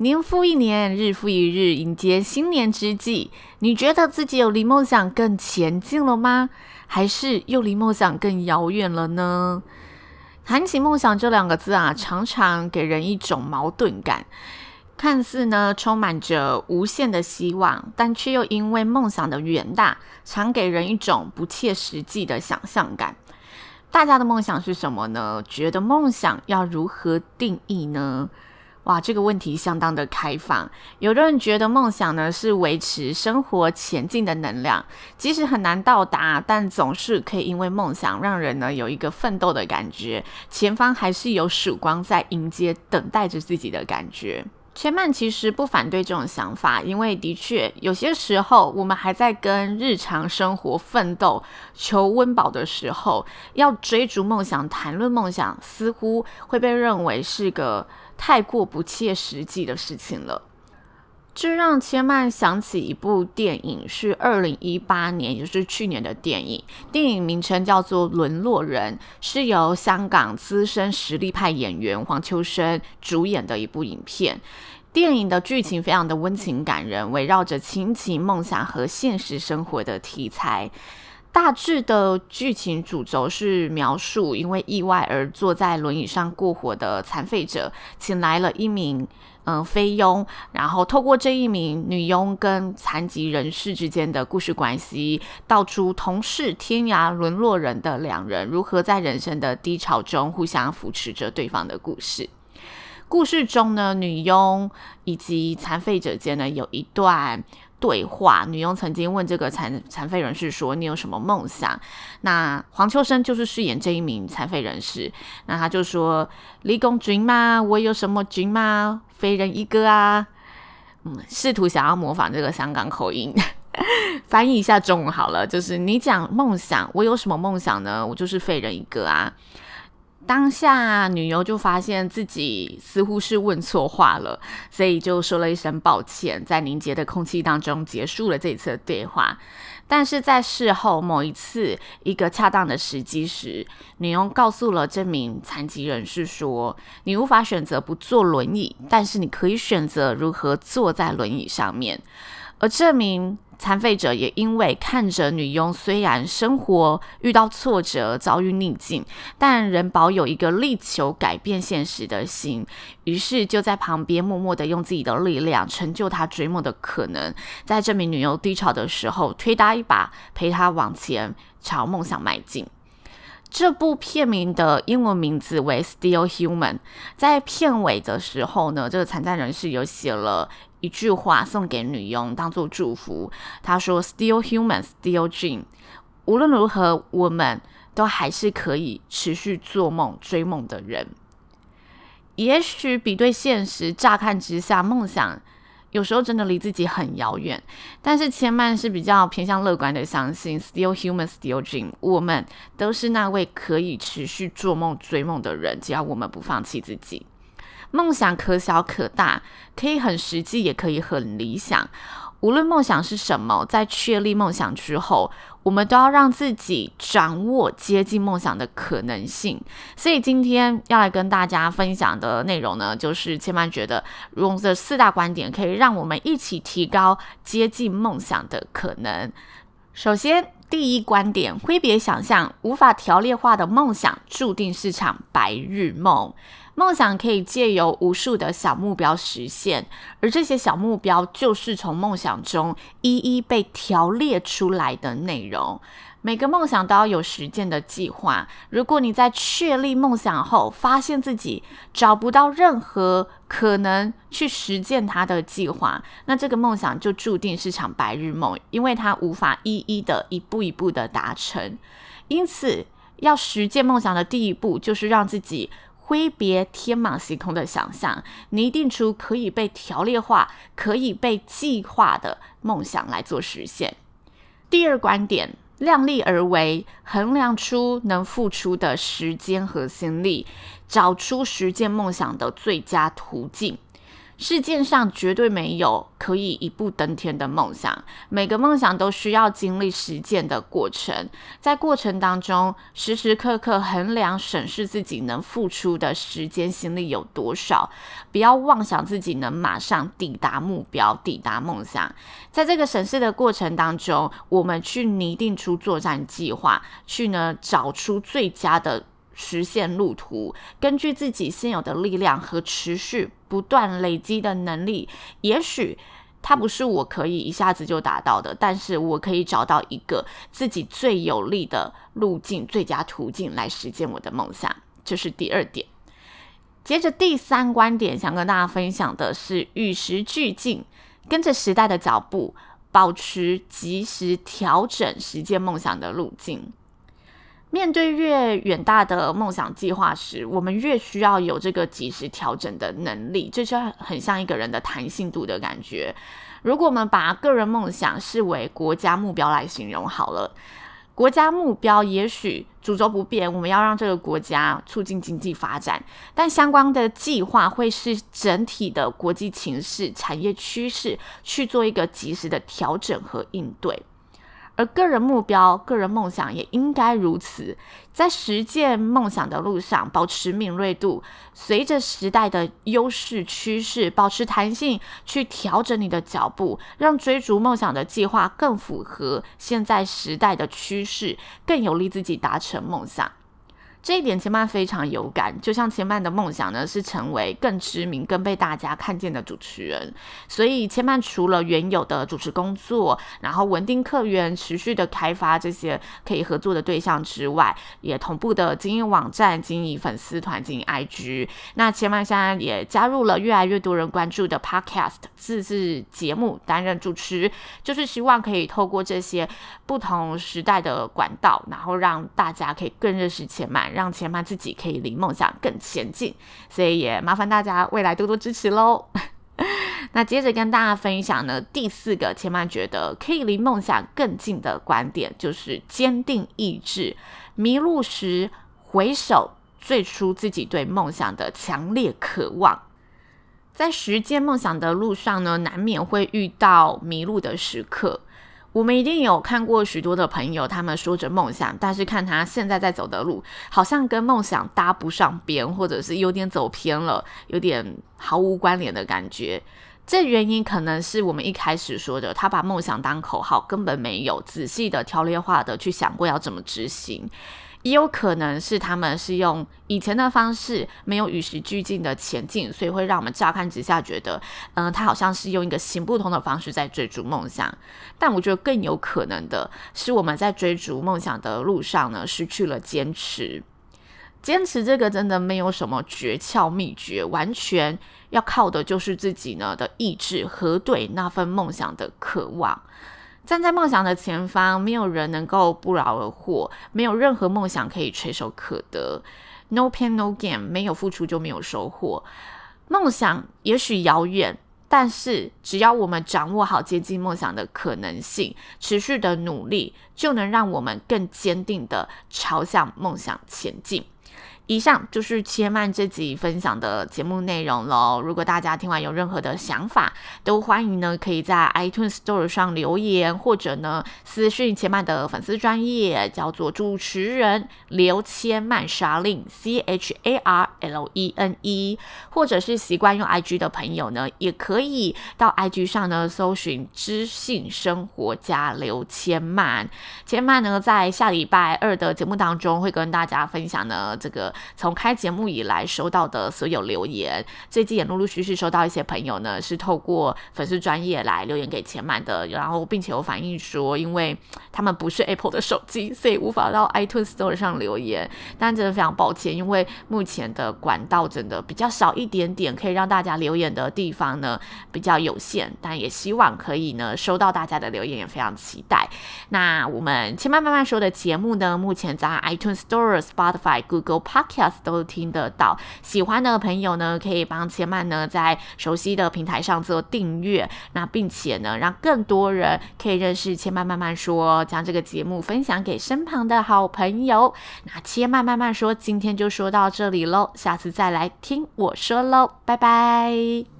年復一年，日復一日，迎接新年之際，你覺得自己有離夢想更前進了嗎？還是又離夢想更遙遠了呢？談起夢想這兩個字啊，常常給人一種矛盾感，看似呢，充滿着無限的希望，但卻又因為夢想的遠大，常給人一種不切實際的想象感。大家的夢想是什麼呢？覺得夢想要如何定義呢？哇，這個問題相當的開放。有的人覺得夢想呢，是維持生活前進的能量，即使很難到達，但總是可以因為夢想讓人呢有一個奮鬥的感覺，前方還是有曙光在迎接，等待着自己的感覺。全曼其實不反對這種想法，因為的確有些時候我們還在跟日常生活奮鬥求溫飽的時候，要追逐夢想、談論夢想，似乎會被認為是個太過不切實際的事情了，這讓千曼想起一部電影，是二零一八年，也就是去年的電影。電影名稱叫做《淪落人》，是由香港資深實力派演員黃秋生主演的一部影片。電影的劇情非常的溫情感人，圍繞着親情、夢想和現實生活的題材。大致的劇情主軸是描述因為意外而坐在輪椅上過活的殘廢者，請來了一名嗯，菲傭，然後透過這一名女傭跟殘疾人士之間的故事關係，道出同是天涯淪落人的兩人如何在人生的低潮中互相扶持着對方的故事。故事中呢，女傭以及殘廢者間呢，有一段。對話，女傭曾經問這個殘殘廢人士說：“你有什麼夢想？”那黃秋生就是飾演這一名殘廢人士，那他就說：“立功軍嗎？我有什麼軍嗎、啊？廢人一個啊！”嗯，試圖想要模仿這個香港口音， 翻譯一下中文好了，就是你講夢想，我有什麼夢想呢？我就是廢人一個啊。當下女傭就發現自己似乎是問錯話了，所以就說了一聲抱歉，在凝結的空氣當中結束了這一次的對話。但是在事後某一次一個恰當的時機時，女傭告訴了這名殘疾人士說：“你無法選擇不坐輪椅，但是你可以選擇如何坐在輪椅上面。”而這名殘廢者也因為看着女傭雖然生活遇到挫折，遭遇逆境，但仍保有一個力求改變現實的心，於是就在旁邊默默的用自己的力量成就她追夢的可能。在這名女傭低潮的時候，推她一把，陪她往前朝夢想邁進。這部片名的英文名字為《Still Human》。在片尾的時候呢，這個殘障人士有寫了一句話送給女傭，當做祝福。他說：“Still human, still dream。無論如何，我們都還是可以持續做夢、追夢的人。也許比對現實，乍看之下，夢想”有時候真的離自己很遙遠，但是千蔓，是比較偏向樂觀的，相信 Still Human, Still Dream，我們都是那位可以持續做夢追夢的人。只要我們不放棄自己，夢想可小可大，可以很實際，也可以很理想。無論夢想是什麼，在確立夢想之後，我們都要讓自己掌握接近夢想的可能性，所以今天要來跟大家分享的內容呢，就是千萬覺得用這四大觀點可以讓我們一起提高接近夢想的可能。首先，第一觀點，揮別想象，無法條列化的夢想，注定是場白日夢。夢想可以借由無數的小目標實現，而這些小目標就是從夢想中一一被條列出來的內容。每個夢想都要有實踐的計劃。如果你在確立夢想後，發現自己找不到任何可能去實踐它的計劃，那這個夢想就注定是場白日夢，因為它無法一一的一步一步的達成。因此，要實踐夢想的第一步就是讓自己。揮別天馬行空的想象，擬定出可以被條列化、可以被計劃的夢想來做實現。第二觀點，量力而為，衡量出能付出的時間和心力，找出實踐夢想的最佳途徑。世界上絕對沒有可以一步登天的夢想，每個夢想都需要經歷實踐的過程，在過程當中，時時刻刻衡量審視自己能付出的時間、心力有多少，不要妄想自己能馬上抵達目標、抵達夢想。在這個審視的過程當中，我們去擬定出作戰計劃，去呢找出最佳的實現路途，根據自己現有的力量和持續不斷累積的能力，也許它不是我可以一下子就達到的，但是我可以找到一個自己最有利的路徑、最佳途徑來實現我的夢想，這是第二點。接着第三觀點，想跟大家分享的是與時俱進，跟着時代的腳步，保持及時調整實現夢想的路徑。面對越遠大的夢想計劃時，我們越需要有這個及時調整的能力，這是很像一個人的彈性度的感覺。如果我們把個人夢想視為國家目標來形容好了，國家目標也許主軸不變，我們要讓這個國家促進經濟發展，但相關的計劃會是整體的國際情勢、產業趨勢去做一個及時的調整和應對。而個人目標、個人夢想也應該如此，在實踐夢想的路上保持敏銳度，隨着時代的優勢趨勢保持彈性，去調整你的腳步，讓追逐夢想的計劃更符合現在時代的趨勢，更有利自己達成夢想。這一點千曼非常有感，就像千曼的夢想呢是成為更知名、更被大家看見的主持人。所以千曼除了原有的主持工作，然後穩定客源、持續的開發這些可以合作的對象之外，也同步的經營網站、經營粉絲團、經營 IG。那千曼現在也加入了越來越多人關注的 Podcast 自製節目，擔任主持，就是希望可以透過這些不同時代的管道，然後讓大家可以更認識千曼。讓千萬自己可以離夢想更前進，所以也麻煩大家未來多多支持嘍。 那接着跟大家分享呢，第四個千萬覺得可以離夢想更近的觀點，就是堅定意志。迷路時回首最初自己對夢想的強烈渴望，在實踐夢想的路上呢，難免會遇到迷路的時刻。我們一定有看過許多的朋友，他們說着夢想，但是看他現在在走的路，好像跟夢想搭不上邊，或者是有點走偏了，有點毫無關聯的感覺。這原因可能是我們一開始說的，他把夢想當口號，根本沒有仔細的條列化的去想過要怎麼執行。也有可能是他們是用以前的方式，沒有與時俱進的前進，所以會讓我們乍看之下覺得，嗯、呃，他好像是用一個行不通的方式在追逐夢想。但我覺得更有可能的是，我們在追逐夢想的路上呢，失去了堅持。堅持這個真的沒有什麼訣竅秘訣，完全要靠的就是自己呢的意志和對那份夢想的渴望。站在夢想的前方，沒有人能夠不勞而獲，沒有任何夢想可以垂手可得。No pain, no gain。沒有付出就沒有收穫。夢想也許遙遠，但是只要我們掌握好接近夢想的可能性，持續的努力，就能讓我們更堅定的朝向夢想前進。以上就是千曼這集分享的節目內容嘍。如果大家聽完有任何的想法，都歡迎呢可以在 iTunes Store 上留言，或者呢私訊千曼的粉絲專頁，叫做主持人劉千曼莎令 C H A R L E N E，或者是習慣用 I G 的朋友呢，也可以到 I G 上呢搜尋知性生活家劉千曼。千曼呢在下禮拜二的節目當中會跟大家分享呢這個。從開節目以來收到的所有留言，最近也陸陸續續，續收到一些朋友呢，是透過粉絲專業來留言給錢滿的，然後並且有反映說，因為他們不是 Apple 的手機，所以無法到 iTunes Store 上留言。但真的非常抱歉，因為目前的管道真的比較少一點點，可以讓大家留言的地方呢比較有限，但也希望可以呢收到大家的留言，也非常期待。那我們千萬媽媽說的節目呢，目前在 iTunes Store、Spotify、Google Podcast 都聽得到，喜歡的朋友呢，可以幫千曼呢在熟悉的平台上做訂閱，那並且呢，讓更多人可以認識千曼慢慢說，將這個節目分享給身旁的好朋友。那千曼慢慢說，今天就說到這裡嘍，下次再來聽我說嘍，拜拜。